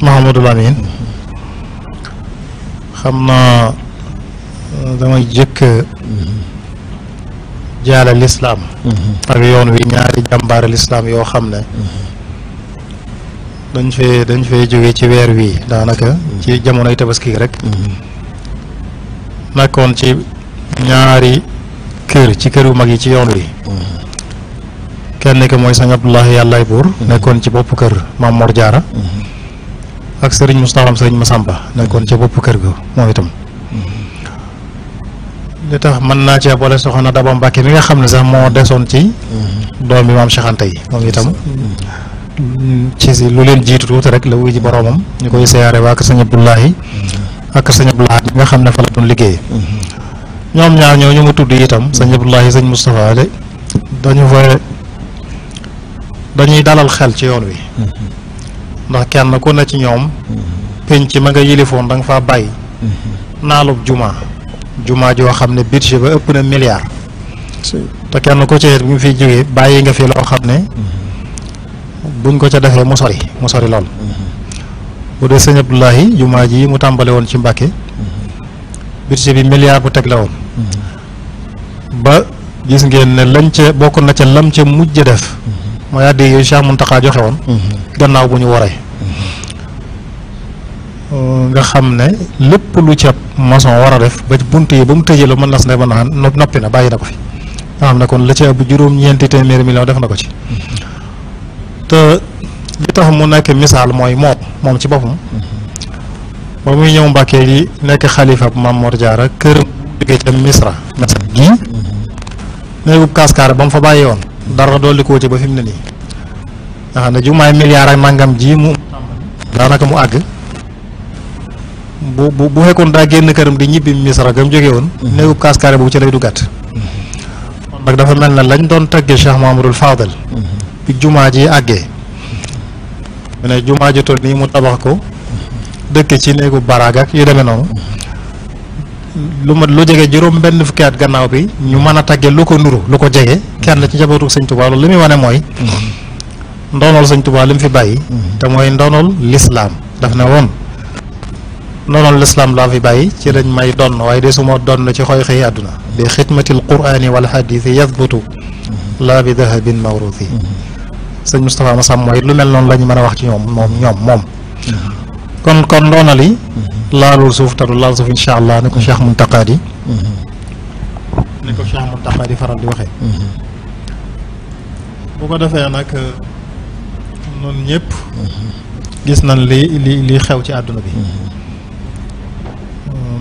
Mahamadul Amin xam naa euh, damay jëkk jaale lislaam mm-hmm. ak yoon wi ñaari jàmbaare lislaam yoo xam ne mm-hmm. dañ fee dañ fee jóge ci weer wii daanaka mm-hmm. ci jamonoy tabaski rek nekkoon ci ñaari kër ci kër yu mag yi ci yoon wi kenn ki mooy sëñ Abdullahi yàllaay buur nekkoon ci bopp kër Maam Jaara ak sëriñ Moustapha sëriñ Massamba nekkoon ca bopp kër ga moom itam li tax mën naa cee boole soxna Daba Mbacke mi nga xam ne sax moo desoon ci doom bi maam Cheikh Anta yi moom itam ci si leen jiitu tuuti rek la wuy ji boroomam ñu koy siyaare waa kër sëñ ak sëñ Abdoulahi nga xam ne fa la doon liggéey ñoom ñaar ñoo ñu ma tudd itam sëñ Abdoulahi sëñ Moustapha de dañu fa dañuy dalal xel ci yoon wi ndax kenn ku ne ci ñoom penc ma nga yilifoon da nga faa bàyyi naalub jumaa juma joo xam ne budget ba ëpp na milliard te kenn ku ci bi mu fiy jógee bàyyi nga fi loo xam ne buñ ko ca defee mu sori mu sori lool bu dee sëñ Abdoulahi jumaa ji mu tàmbale woon ci Mbàkke budget bi milliard bu teg la woon ba gis ngeen ne lañ ca bokk na ca lam ca mujj def mooy àddi yooyu Cheikh Mountakha joxe woon gannaaw bu ñu waree nga xam ne lépp lu ca maçon war a def ba bunt yi ba mu tëjee la mën las ne ba naan noppi na bàyyi na ko fi nga xam ne kon la ca bu juróom-ñeenti téeméeri million def na ko ci te li tax mu nekk misaal mooy moom moom ci boppam ba muy ñëw Mbàkke yi nekk xalifa Maam Mor Jaara këram jóge ca Misra Misra gii néegub kaskaar ba mu fa bàyyi woon dara dolli koo ci ba fi mu ne nii nga ne jumaay milliard ak màngam ji mu daanaka mu àgg bu bu bu fekkoon daa génn këram di ñibbi misra gam jóge woon. Mhm. néegu kaaskaare boobu ci lay duggaat. Mhm. kon nag dafa mel ne lañ doon tëggee Cheikh Mahamadul Fadal. Mhm. bi jumaa ji àggee. mu ne jumaa ji toll nii mu tabax ko. dëkk ci néegu baraag ak yu demee noonu. lu ma lu jege juróom benn fukki at gannaaw bi ñu mën a tàggee lu ko nuru lu ko jege kenn ci njabootu sëñ Tuubaa loolu li muy wane mooy ndoonool sëñ Tuubaa li mu fi bàyyi te mooy ndoonool lislaam daf ne woon noonu lislaam laa fi bàyyi ci lañ may donn waaye de suma donn ci xooy xëy àdduna bi xidmatil quraani wal xadiisi yasbutu laa bi dahabin mawruthi sëñ Moustapha Massa mooy lu mel noonu la ñu mën a wax ci ñoom moom ñoom moom kon kon ndoona li laalul suuf te du laal suuf incha allah ni ko Cheikh Mountakha di ni ko Cheikh Mountakha faral di waxee bu ko defee nag noonu ñëpp gis nañ li li li xew ci àdduna bi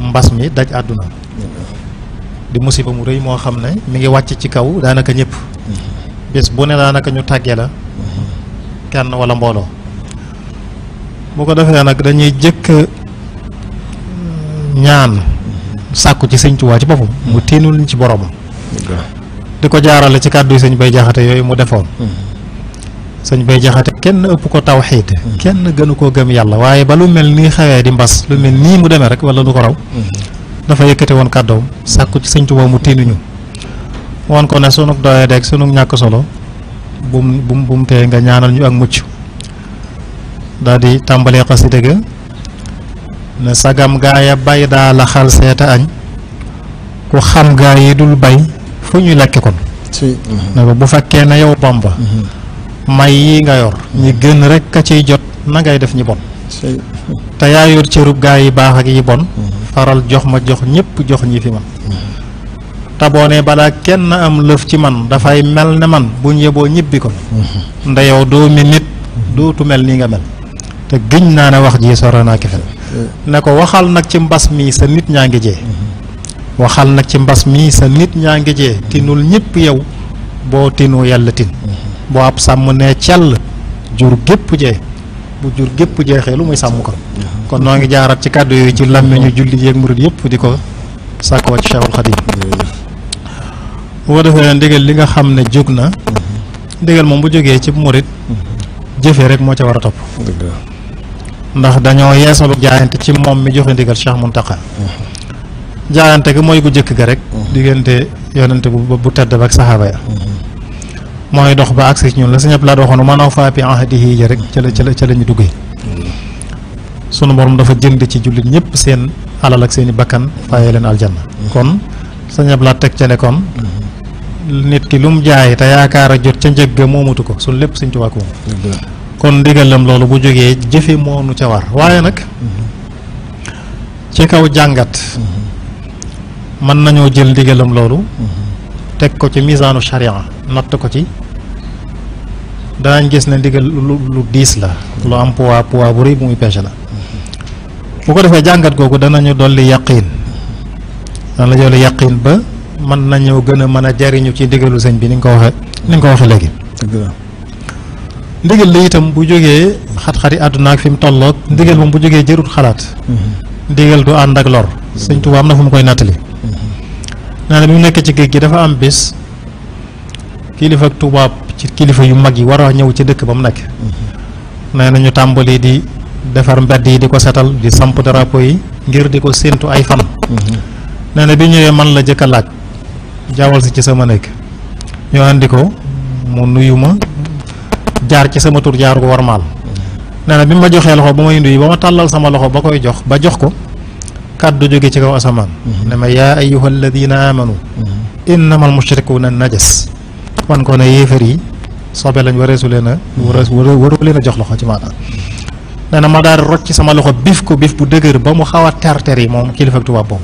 mbas mi daj àdduna di musiba mu rëy moo xam ne mu ngi wàcc ci kaw daanaka ñëpp bés bu ne daanaka ñu tàggee la kenn wala mbooloo bu ko defee nag dañuy jëkk mm, ñaan sàkku ci sëñ ci boppam mu tiinul ñu ci boroomam di ko jaarale ci kàddu sëñ bay jaxate yooyu mu defoon mm-hmm. sëñ bay jaxate kenn ëpp ko tawxiid mm-hmm. kenn gënu koo gëm yàlla waaye ba lu mel nii xawee di mbas lu mel nii mu demee rek wala du ko raw mm-hmm. dafa yëkkate woon kàddoom sàkku ci sëñ Tuubaa mu tiinuñu woon ko ne sunu doyee deeg sunu ñàkk solo bum bum bu mu tee nga ñaanal ñu ak mucc daal di tàmbalee xasida ga ne sagam gaaya bay daa la xal seeta añ ku xam gaa yi dul bay fu ñu lekk kon mm-hmm. ne ko bu fekkee ne yow Bamba may yii nga yor ñi gën rek ka ciy jot nangay def ñi bon te yaa yor cërub gaa yi baax ak yi bon mm-hmm. faral jox ma jox ñëpp jox ñi fi man mm-hmm. te balaa kenn am lëf ci man dafay mel ne man bu yeboo ñibbi ko mm-hmm. ndeyow doomi nit dootu mel nii nga mel te gëñ naa ne wax ji sore naa kefel ne ko waxal nag ci mbas mi sa nit ñaa ngi jee waxal nag ci mbas mi sa nit ñaa ngi jee tinul ñëpp yow boo tinu yàlla tin boo ab sàmm nee cell jur gépp jee bu jur gépp jeexee lu muy sàmm ko kon noo ngi jaarat ci kàddu yooyu ci làmmiñu julli yeeg murid yëpp di ko sàkkoo ci Cheikhul Khadim bu ko defee ndigal li nga xam ne jóg na ndigal moom bu jógee ci murid jëfee rek moo ca war a topp ndax dañoo yeesalu jaayante ci moom mi joxe ndigal mun Mountakha jaayante gi mooy gu jëkk ga rek diggante yonente bu bu tedd ak saxaaba ya mooy dox ba agsi ci ñun la sañëpp laa waxoon man awfaa bi ahdihi ji rek ca la ca la ca la ñu duggee sunu borom dafa jënd ci jullit ñëpp seen alal ak seeni bakkan fayee leen aljanna kon sañëpp laa teg ca ne nit ki lu mu jaay te yaakaar a jot ca njëg ga moomatu ko sunu lépp Sëñ Tuubaa ko moom kon ndigalam loolu bu jógee jëfe moonu ca war waaye nag ci kaw jàngat mën nañoo jël ndigalam loolu teg ko ci misaanu sharia natt ko ci danañ gis ne ndigal lu diis la lu am poids poids bu rëy bu muy peese la bu ko defee jàngat googu danañu dolli yàqiin dana la dolli yàqiin ba mën nañoo gën a mën a jariñu ci ndigalu sëñ bi ni nga ko waxe ni nga ko waxe léegi ndigal li itam bu jógee xat-xati àdduna ak fi mu tolloog ndigal moom bu jógee jërut xalaat mm-hmm. ndigal du ànd ak lor sëñ Tuubaa am na fu mu koy nattali naa bi mu nekk ci géej gi dafa am bés kilifa tubaab ci kilifa yu mag yi war a ñëw ci dëkk ba mu nekk nee na ñu tàmbali di defar mbedd yi di ko setal di samp drapeau yi ngir di ko séentu ay fan nee na bi ñëwee man la jëkk a laaj jaawal si ci sama nekk ñu andi ko mu nuyu ma jaar ci sama tur jaar ko war nee na bi ma joxee loxo ba may nuyu ba ma tàllal sama loxo ba koy jox ba jox ko kàddu jóge ci kaw asamaan mhm. ne ma yaa ayyuha alladina amanu mhm. innama almushrikuuna najas man ko ne yéefar yi sobe lañ wareesu leen a mhm. waru jox loxo ci maanaam nee na ma daal ci sama loxo bif ko bif bu ba mu xaw a terter yi moom kilifa tubaab boobu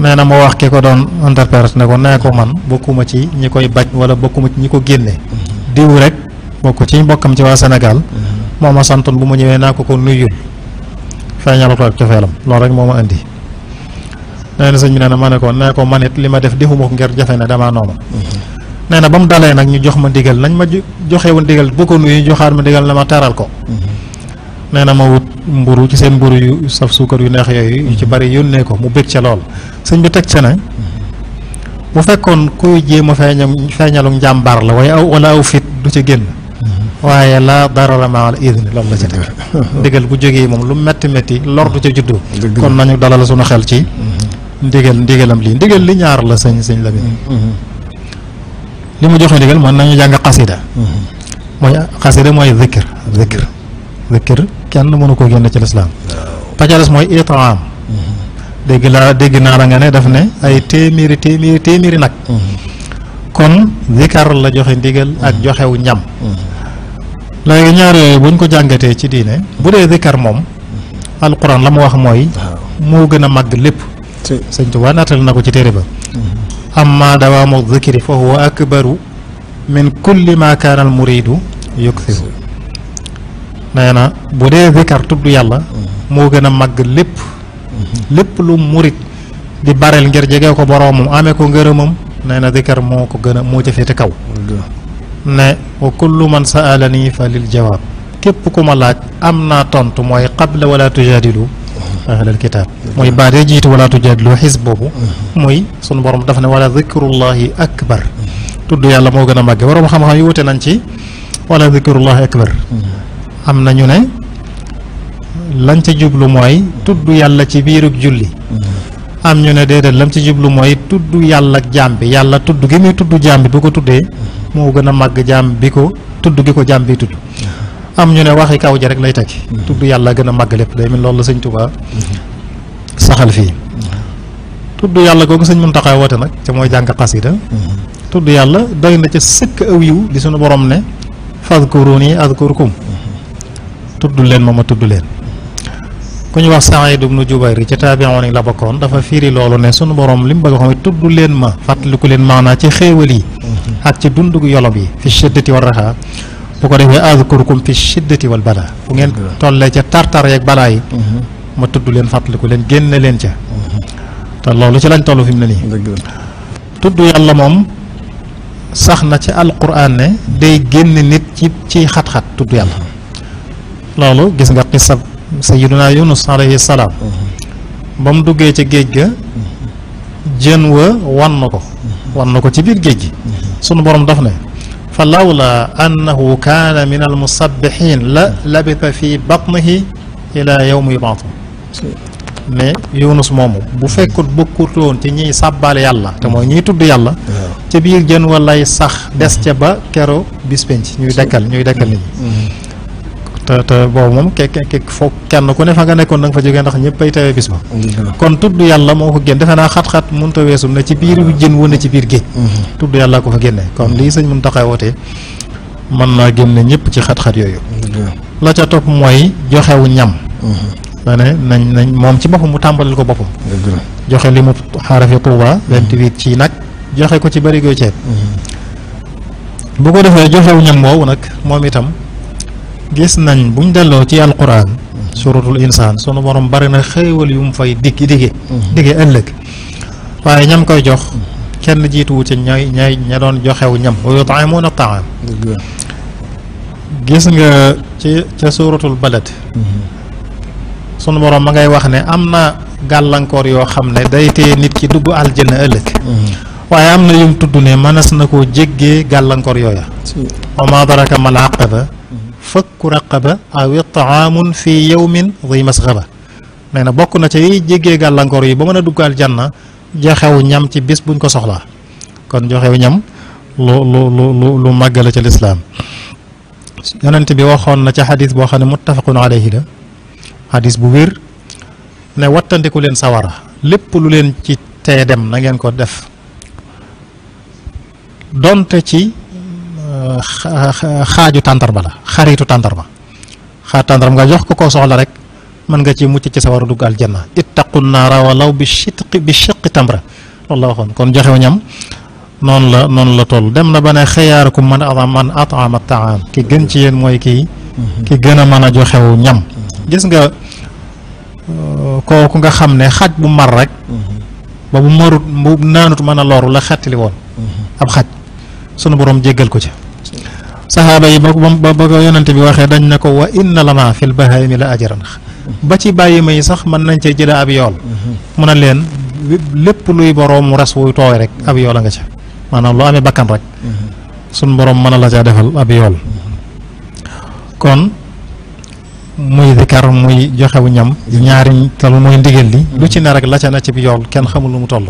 nee na ma wax ke ko doon interprète ne ko nee ko man bokkuma ci ñi koy bañ wala bokkuma ci ñi ko génne diw rek bokk ci mbokkam ci waa senegal moo ma santoon bu ma ñëwee naa ko ko nuyul feeñal ko ak cofeelam loolu rek moo ma indi nee na sëñ bi nee na ma ne ko nee ko man li ma def defuma ko ngir jafe ne damaa nooma mm-hmm. nee na ba mu dalee nag ñu jox ma ndigal nañ ma joxe woon ndigal bu ko nuyu joxaat ma ndigal na ma teral ko mm-hmm. nee na ma wut mburu ci seen mburu yu saf suukar yu neex yooyu yu ci bari yónnee ko mu bég ca lool sëñ bi teg ca ne mm-hmm. bu fekkoon kuy jéem a feeñam feeñalu njàmbaar la waaye aw wala aw fit du ci génn waaye laa darara maa al idni loolu la ca teg ndigal bu jógee moom lu metti metti lor du ca juddu kon nañu dalal suñu xel ci mm-hmm. ndigal ndigalam lii ndigal li ñaar la sëñ sëñ Lamin mm-hmm. li mu joxe ndigal jàng xasida mm-hmm. mooy xasida mooy zikir kenn mënu koo génne ci lislaam pajares mooy itaam dégg laa dégg naa la nga ne daf ne ay téeméeri téeméeri téeméeri nag kon zikar la joxe ndigal ak joxew ñam léegi ñaar yooyu buñ ko jàngatee ci diine bu dee zikar moom alquran la mu wax mooy moo gën a màgg lépp sëñ Tuubaa naatal na ko ci téere ba mhm. amma dawaamu zikri fa huwa akbaru min kulli ma kaana al muridu yuksiru nee na bu dee zikar tudd yàlla mhm. moo gën a màgg lépp mhm. lépp lu murit di bareel ngir jege ko boroomam amee ko ngërëmam nee na zikar moo ko gën a moo jëfee te kaw ne wa kullu man saalani fa lil jawaab képp ku ma laaj am naa tontu mooy qabla wala tujaadilu ahlal kitaab mooy baadee jiitu wala tujaadilu xis boobu muy sunu boroom dafa ne wala dikrullahi akbar tudd yàlla moo gën a màgg borom xam-xam yi wute nañ ci wala dikrullahi akbar am na ñu ne lañ ca jublu mooy tudd yàlla ci biirug julli am ñu ne déedéet lam ci jublu mooy tudd yàlla ak jaam bi yàlla tudd gi muy tudd jaam bi boo ko tuddee moo gën a màgg jaam bi ko tudd gi ko jaam bi tudd am ñu ne waxi kaw ja rek lay tekki tudd yàlla gën a màgg lépp day mel loolu la sëñ Tuubaa saxal fii tudd yàlla googu sëñ Muntaxa woote nag ca mooy jàng xasida tudd yàlla doy na ca sëkk aw yiw li sunu borom ne fadkuruni adkurkum tudd leen ma ma tudd leen ku ñu wax Saïd ibnu Jubayr ci taabiyoon yi la bokkoon dafa fiiri loolu ne sunu borom li mu bëgg xam ne tudd leen ma fàttaliku leen maanaa ci xéewal yi ak ci dundug yolob yi fi shiddati war raxaa bu ko defee azkurukum fi shiddati wal balaa fu ngeen tollee ca tartar yeeg balaa yi mhm. ma tudd leen fàttaliku leen génne leen ca te loolu ci lañ toll fi mu ne nii tudd yàlla moom sax na ci alquran ne day génn nit ci ci xat-xat tudd yàlla mhm. loolu gis nga sayiduna yunus alayhi salaam ba duggee ca géej ga jën wa wan na ko wan na ko ci biir géej gi sunu borom daf ne fa lawla annahu kaana min al musabbihin la labita fi batnihi ila yawmi yubaatu mais yunus moomu bu fekkut bokkutoon ci ñiy sàbbaale yàlla te mooy ñiy tudd yàlla ca biir jën wa lay sax des ca ba kero bis penc ñuy dekkal ñuy dekkal nit ñi te te boobu moom ke ke foog kenn ku ne fa nga nekkoon da nga fa jógee ndax ñëpp ay tawee bis ba kon tudd yàlla moo ko génn defe naa xat-xat mënut a weesum ne ci biir jën wu ci biir géej tudd yàlla ko fa génne kon lii sëñ mun taxaw wootee mën naa génne ñëpp ci xat-xat yooyu la ca topp mooy joxewu ñam dane nañ moom ci boppam mu tàmbalil ko boppam joxe li mu xaarafi Tuuba vingt-huit ci nag joxe ko ci bari goy ceeb bu ko defee joxewu ñam woowu nag moom itam gis nañ buñ delloo ci alquran suratul insaan sunu borom bari na xéewal yu mu fay digg digge digge ëllëg waaye ñam koy jox kenn jiituwu ci ñay ñay ña doon joxew ñam wa yut'imuuna ta'aam gis nga ci ca suratul balad borom ma wax ne am na gàllankoor yoo xam ne day tee nit ki dugg aljana ëllëg waaye am na yum tudd ne mënees na koo jéggee gàllankoor yooya wa maa adraaka mal aqaba fakku raqaba aw itaamun fi yawmin di masxaba nee na bokk na ci jege gàllankoor yi ba mën a dugg aljanna joxewu ñam ci bis buñ ko soxlaa kon joxewu ñam lu lu lu lu màggala ca lislaam yonent bi waxoon na ca xadis boo xam ne muttafaqun alayhi la xadis bu wér ne wattandiku leen sawara lépp lu leen ci tee dem nangeen ngeen ko def donte ci xaaju tàndarma la xaritu tàndarma xaar tàndarma nga jox ko koo soxla rek mën nga ci mucc ci sa war a dugg aljanna ittaqu naara walaw bi shiqqi bi shiqqi tamra loolu la waxoon kon joxew ñam noonu la noonu la dem na ba ne xayaarukum man a man at'ama ta'am ki gën ci yéen mooy kii mhm. ki gën a mën a joxew ñam mhm. gis nga euh, kooku nga xam ne xaj bu mar rek mhm. ba bu marut bu naanut mën a loru la xettali woon ab xaj sunu borom jéggal ko ci saxaaba yi ba ba ba ko yonante bi waxee dañ na ko wa inna lana fil mi la ajran ba ci bàyyi ma yi sax mën nañ cee jële ab yool mu ne leen lépp luy boroomu res wuy tooy rek ab yool a nga ca maanaam loo amee bakkan rek mhm. sun boroom mën a la caa defal ab yool kon muy dikar muy joxewu ñam ñaari tal mooy ndigal li mm. lu ci ne rek la na ci bi yool kenn xamul lu mu toll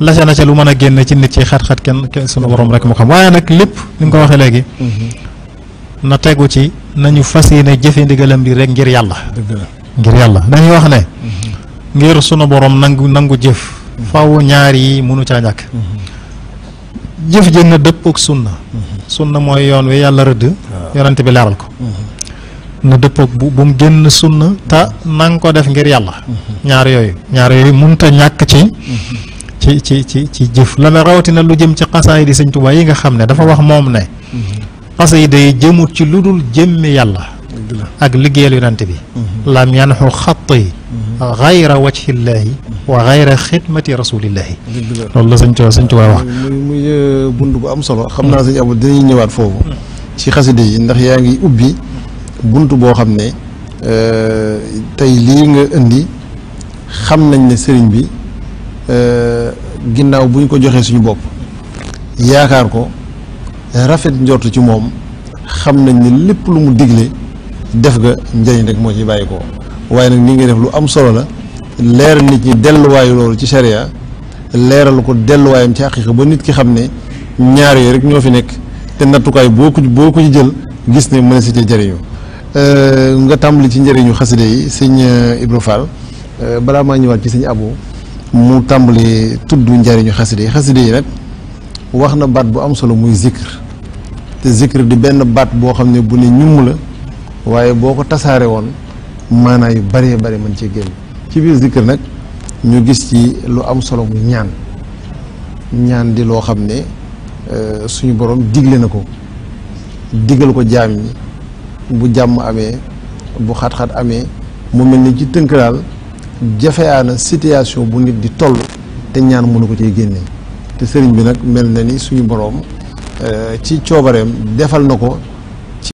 la ca na ca lu mën a génn ci nit ci xat-xat kenn kenn sunu borom rek mu xam waaye nag lépp ni nga ko waxee léegi mm-hmm. na tegu ci nañu fas yéene jëfe ndigalam li rek ngir yàlla ngir yàlla dañuy wax ne mm-hmm. ngir sunu borom nangu nangu jëf mm-hmm. faw ñaar yi mënu caa ñàkk jëf jën na dëpp ak sunna sunna mooy yoon wi yàlla rëdd yonent bi leeral ko na dëppoog bu bu mu génn sunna te na nga ko def ngir yàlla ñaar yooyu ñaar yooyu munta ñàkk ci ci ci ci ci jëf la la rawatina lu jëm ci xasaay di sëñ Tuubaa yi nga xam ne dafa wax moom ne xasaay day jëmut ci lu dul jëmmi yàlla ak liggéeyal yonante bi lam yanxu xatt yi xayra wa xayra xidmati rasulillaahi loolu la sëñ Tuubaa sëñ Tuubaa wax muy euh, bunt bu am solo xam naa sëñ Abdou dinañ ñëwaat foofu ci xasida yi ndax yaa ngi ubbi bunt boo xam ne euh, tey lii nga indi xam nañ ne sëriñ bi euh, ginnaaw bu ñu ko joxee suñu bopp yaakaar ko rafet njortu ci moom xam nañ ne lépp lu mu digle def nga njëriñ rek moo ci bàyyi ko waaye nag ni nga def lu am solo la leeral nit ñi delluwaayu loolu ci sharia leeral ko delluwaayam ci àqiqa ba nit ki xam ne ñaar yooyu rek ñoo fi nekk te nattukaay boo ko boo ko ci jël gis ne mën a si cee jëriñu Euh, nga tàmbali ci njëriñu xaside yi sëñ euh, Ibra Fall euh, balaa maa ñëwaat ci sëñ abu mu tàmbali tudd njëriñu xaside yi xaside yi nag wax na baat bu am solo muy zikr te zikr di benn baat boo xam ne bu ne ñumm la waaye boo ko tasaare woon maanaa yu bëree bëri mën cee génn ci biir zikr nag ñu gis ci lu am solo muy ñaan ñaan di loo xam ne suñu borom digle na ko digal ko jaam ñi bu jàmm amee bu xat-xat amee mu mel ni ci tënk daal jafeyaana situation bu nit di toll te ñaan mënu ko ci génne te sëriñ bi nag mel na ni suñu boroom eh, ci coobareem defal na ko